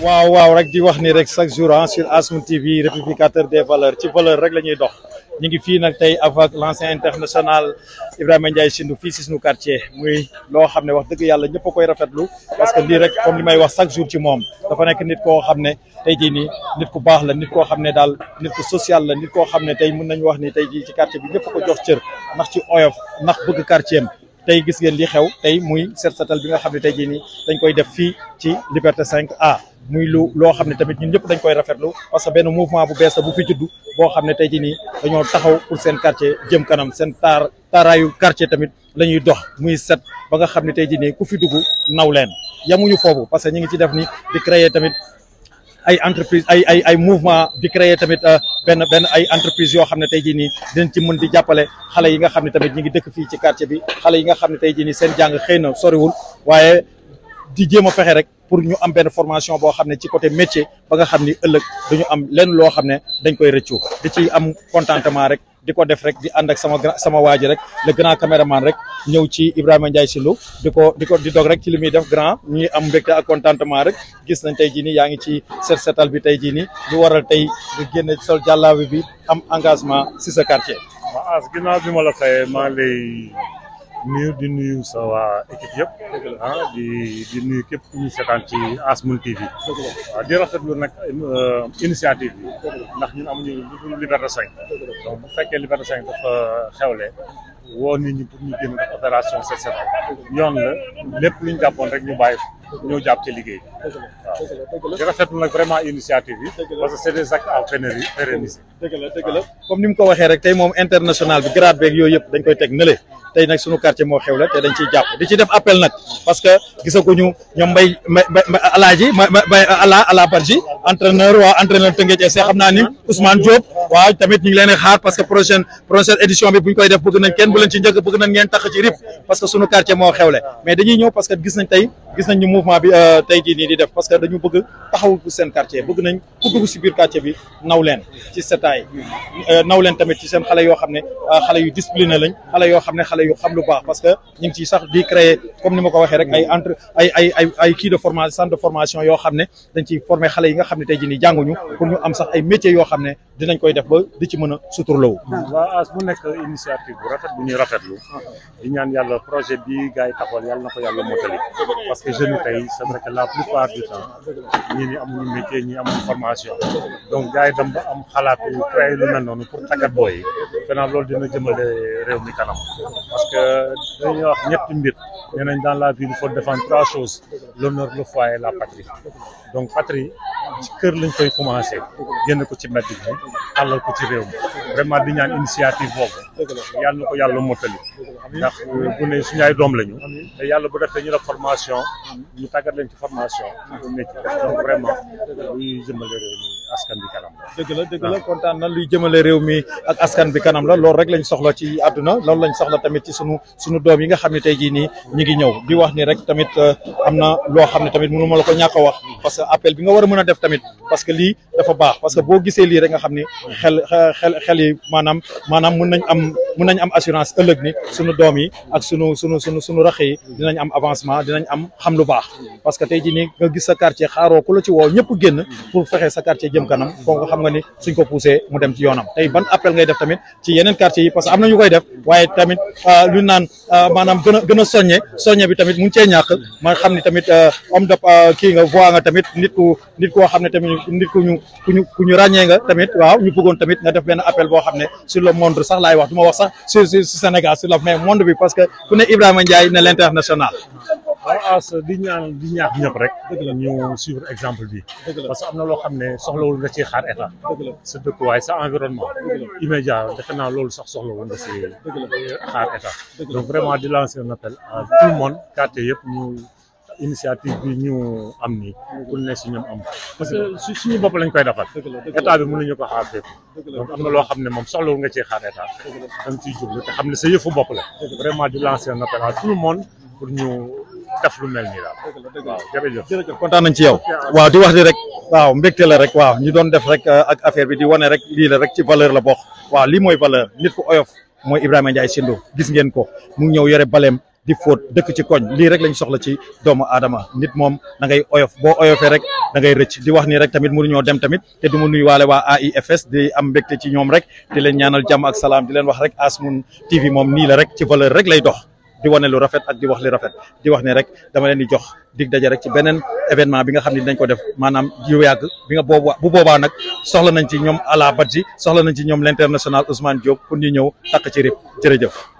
Wow! Wow! rek di wax ni rek chaque jour ah sur Asmoon TV républicateur des valeurs ci valeur rek la dox ñu ngi fii nag tey avec l'ancien international Ibrahima Ndiaye Sindou fii si suñu quartier muy loo xam ne wax dëgg yàlla ñëpp a koy rafetlu parce que lii rek comme li may wax chaque jour ci moom dafa nekk nit koo xam ne tey jii ni nit ku baax la nit koo xam ne daal nit ku social la nit koo xam ne tey mun nañu wax ni tey jii ci quartier bi ñëpp ko jox cër ndax ci oyof ndax bëgg quartier tey gis ngeen li xew tey muy set setal bi nga xam ne tey jii nii dañ koy def fii ci Liberté 5A muy lu loo xam ne tamit ñun ñëpp dañ koy rafetlu parce que benn mouvement bu bees bu fi juddu boo xam ne tey jii nii dañoo taxaw pour seen quartier jëm kanam seen taar taaraayu quartier tamit la ñuy dox muy set ba nga xam ne tey jii nii ku fi dugg naw leen yamuñu foofu parce que ñu ngi ci def ni di créer tamit. ay entreprise ay ay ay mouvement bi créer tamit euh, benn benn ay entreprise yoo xam ne tey jii nii dinañ ci mën di jàppale xale yi nga xam ne tamit ñi ngi dëkk fii ci quartier bi xale yi nga xam ne tey jii nii seen jàng xëy na soriwul waaye di jéem a fexe rek pour ñu am benn formation boo xam ne ci côté métier ba nga xam ni ëllëg dañu am lenn loo xam ne dañ koy rëccu di ci am contentement rek di ko def rek di ànd ak sama sama waa rek le grand caméraman rek ñëw ci Ibrahima Ndiaye Syllou di ko di ko di dog rek ci li muy def grand ñuy am mbégte ak contentement rek gis nañ tey jii nii yaa ngi ci set setal bi tey jii nii lu waral tey nga génn sol jàllaabi bi am engagement si sa quartier. waaw ginnaaw bi ma la fayee maa lay. nuyu di nuyu sa waa équipe yëpp ah di di nuyu képp ku ñu ci Asmoon TV waaw ah, di rafetlu nag euh, initiative bi ndax ñu amuñu lu dul Liberté donc bu fekkee Liberté 5 dafa euh, xewle woo nit ñu génn def opération set setal yoon la lépp ñu jàppoon rek ñu bàyyi ñëw jàpp ci liggéey waaw di rafetlu nag vraiment initiative yi parce que c'est des actes à bi grade beeg yooyu yëpp dañ koy teg nële tey nag suñu quartier moo xew la te dañ ciy jàpp di ci def appel nag parce que gisaguñu ñoom mbay alaaji mbay ala ala barji entraîneur waa entraîneur Tëngéej FC xam naa ni Ousmane Diop waaw tamit ñu leen xaar parce que prochaine prochaine bu leen ci njëkk bëgg nañ ngeen tax ci rip parce que suñu quartier moo xewle mais dañuy ñëw parce que gis nañ tey gis nañ ñu mouvement bi euh, tey jii nii di def parce que dañu bëgg taxawu seen quartier bëgg nañ ku dugg si biir quartier bi naw leen ci setaay euh, naw tamit ci seen xale yoo xam ne euh, xale yu discipliné lañ xale yoo xam ne xale yu xam lu baax parce que ñu ngi ciy sax di créer comme ni ma ko waxee rek ay entre ay ay de formation centre de formation yoo xam ne dañ ciy former xale yi nga xam ne tey jii nii jànguñu pour ñu am sax ay métiers ne dinañ koy def ba di a suturlawu. waaw as mu nekk initiative bu ñu rafetlu di ñaan yàlla projet bi gars yi taxawal yàlla na ko yàlla motali parce que jeunes yi tey c'est vrai que la plupart du temps ñii ni amuñu métier ñii amuñu formation donc gars yi dem xalaat yu créé noonu pour tàggat booy yi fenaa loolu dina jëmale réew mi kanam parce que ñetti mbir nee nañ la vie il faut défendre trois choses l'honneur le foyer la patrie donc patrie ci kër lañ koy commencé génn ko ci mbedd bi àllal ko ci réew mi vraiment di ñaan initiative boobu yàlla na ko yàlla mottali ndax euh, bu ne suñu ay doom lañu te yàlla bu defee ñu la formation ñu tàggat leen ci formation métier donc vraiment askan bi la. dëgg la dëgg la kontaan na luy jëmale réew mi ak askan bi kanam la loolu rek lañ soxla ci àdduna loolu lañ soxla tamit ci sunu sunu doom yi nga xam ne tey jii nii ñu ngi ñëw di wax ni rek tamit euh, am na loo xam ne tamit mënu ma la ko ñàkk wax parce que appel bi nga war a mën a def tamit parce lii dafa baax parce que boo gisee lii rek nga xam ni xel xel xel yi maanaam maanaam mun nañ am mun nañ am assurance ëllëg ni sunu doom yi ak sunu sunu sunu sunu rax yi dinañ am avancement dinañ am xam lu baax parce que tey jii nii nga gis sa quartier xaaroo ku la ci woo ñëpp génn pour fexe sa quartier jëm kanam kooku xam nga ni suñ ko poussé mu dem ci yoonam tey ban appel ngay def tamit ci yeneen quartier yi parce que am na ñu koy def waaye tamit euh, lu naan euh, maanaam gën a gën a soññe soññe bi tamit mun cee ñàkk ma xam ni tamit euh, homme de kii nga voix nga tamit nit ku nit koo xam tamit nit ku ñu ku ñu ñu ràññee nga tamit waaw ñu bëggoon tamit nga def benn appel boo xam ne sur le monde sax laay wax du ma wax sax sur sur Sénégal sur le mais monde bi parce que ku ne Ibrahima Ndiaye ne l'international. waaw ah, di ñaan di ñaax ñëpp rek. dëgg la ñu suivre exemple bi. parce que am na loo xam ne soxla wul nga ci xaar état. sa dëkk dëkkuwaay sa environnement. immédiat defe naa loolu sax soxlawul nga ci xaar état. donc vraiment di lancer un appel tout le monde quartier yëpp initiative bi ñu am nii ku ne si parce que suñu bopp lañ koy defal état bi mënuñu ko xaar fépp donc am na loo xam ne moom soxlawul nga cee xaar état danga ciy jublu te xam ne sa yëfu bopp la vraiment di ñu def lu mel nii daal kontaan nañ ci yow waaw di wax di rek waaw mbégte la rek waaw ñu doon def rek euh, ak affaire bi di wane rek lii la rek ci valeur la bokk waaw lii mooy valeur nit ku oyof mooy Ibrahima Ndiaye Sindo gis ngeen ko mu ñëw yore baleem di fóot dëkk ci koñ lii rek lañ soxla ci doomu aadama nit mom da ngay oyof boo oyofee rek da ngay rëcc di wax ni rek tamit mënuñoo dem tamit te du nuyu waale waa AIFS di am mbégte ci ñoom rek di leen ñaanal jàmm ak salaam di leen wax rek Asmoon TV mom nii la rek ci valeur rek lay dox di wane lu rafet ak di wax li rafet di wax ne rek dama leen di jox dig daje rek ci beneen événement bi nga xam ne ko def maanaam yu yàgg bi nga boobaa bu boobaa nag soxla nañ ci ñoom Ala Badji soxla nañ ci ñoom l'international Ousmane Diop pour ñu ñëw takk ci rib jërëjëf